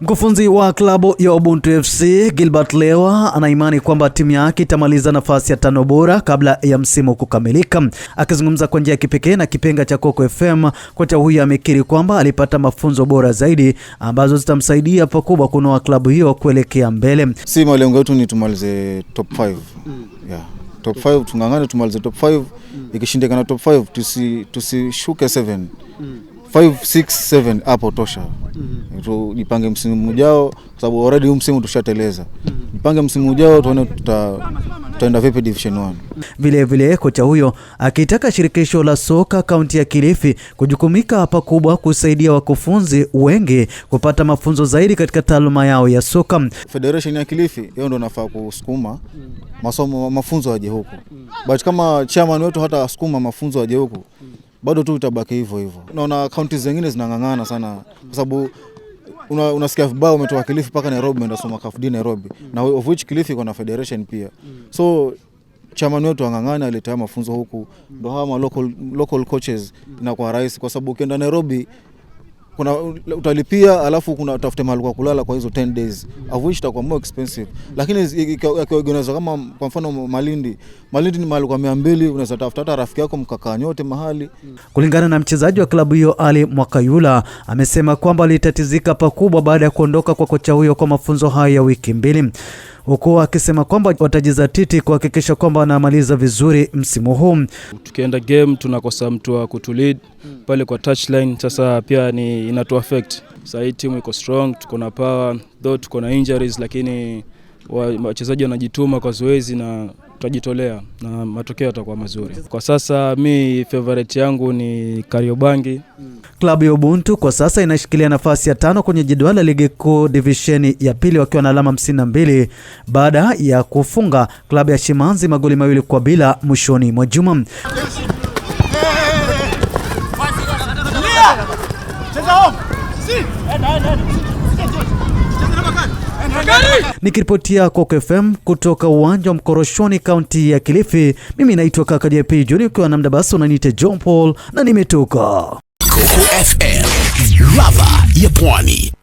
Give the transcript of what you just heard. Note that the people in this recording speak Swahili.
Mkufunzi wa klabu ya Ubuntu FC Gilbert Lewa anaimani kwamba timu yake itamaliza nafasi ya tano bora kabla ya msimu kukamilika. Akizungumza kwa njia ya kipekee na kipenga cha Coco FM, kocha huyu amekiri kwamba alipata mafunzo bora zaidi ambazo zitamsaidia pakubwa kunoa klabu hiyo kuelekea mbele. si malengo yetu ni tumalize top 5. Mm. Yeah top 5 tung'ang'ane tumalize top 5 mm. ikishindikana top 5 tusi tusishuke 7 5 6 7 hapo tosha mm. tujipange msimu ujao kwa sababu already huu msimu tushateleza mm. jipange msimu ujao tuone tuta tutaenda vipi division 1. Vilevile kocha huyo akitaka shirikisho la soka kaunti ya Kilifi kujukumika pakubwa kusaidia wakufunzi wengi kupata mafunzo zaidi katika taaluma yao ya soka. Federation ya Kilifi yao ndio nafaa kusukuma masomo, mafunzo aje huko, but kama chairman wetu hata asukuma mafunzo aje huko bado tu itabaki hivyo hivyo. Naona kaunti zingine zinang'ang'ana sana kwa sababu una, unasikia vibaya umetoka Kilifi mpaka Nairobi umeenda soma kafudi Nairobi mm. na of which Kilifi iko na federation pia mm. so chamani wetu wang'ang'ani alitea mafunzo huku mm. ndo mm. hawa local, local coaches mm. rahisi kwa sababu ukienda Nairobi kuna utalipia, alafu kuna utafute mahali kwa kulala kwa hizo 10 days of which itakuwa more expensive, lakini ikiorganiza kama kwa mfano Malindi, Malindi ni mahali kwa mia mbili, unaweza tafuta hata rafiki yako mkakaa nyote mahali. Kulingana na mchezaji wa klabu hiyo Ali Mwakayula, amesema kwamba alitatizika pakubwa baada ya kuondoka kwa kocha huyo kwa mafunzo hayo ya wiki mbili huku wakisema kwamba watajizatiti kuhakikisha kwamba wanamaliza vizuri msimu huu. Tukienda game tunakosa mtu wa kutulid pale kwa touchline, sasa pia ni inatu affect. Sasa hii timu iko strong, tuko na power, though tuko na injuries, lakini wachezaji wanajituma kwa zoezi na tutajitolea na matokeo yatakuwa mazuri. Kwa sasa mi favorite yangu ni Kariobangi. Klabu ya Ubuntu kwa sasa inashikilia nafasi ya tano kwenye jedwali la ligi kuu divisheni ya pili wakiwa na alama 52 baada ya kufunga klabu ya Shimanzi magoli mawili kwa bila mwishoni mwa juma. Nikiripotia Coco FM kutoka uwanja wa Mkoroshoni, kaunti ya Kilifi, mimi naitwa kaka JP Juli, ukiwa na mdabasi unaniita John Paul na nimetoka Coco FM, lava ya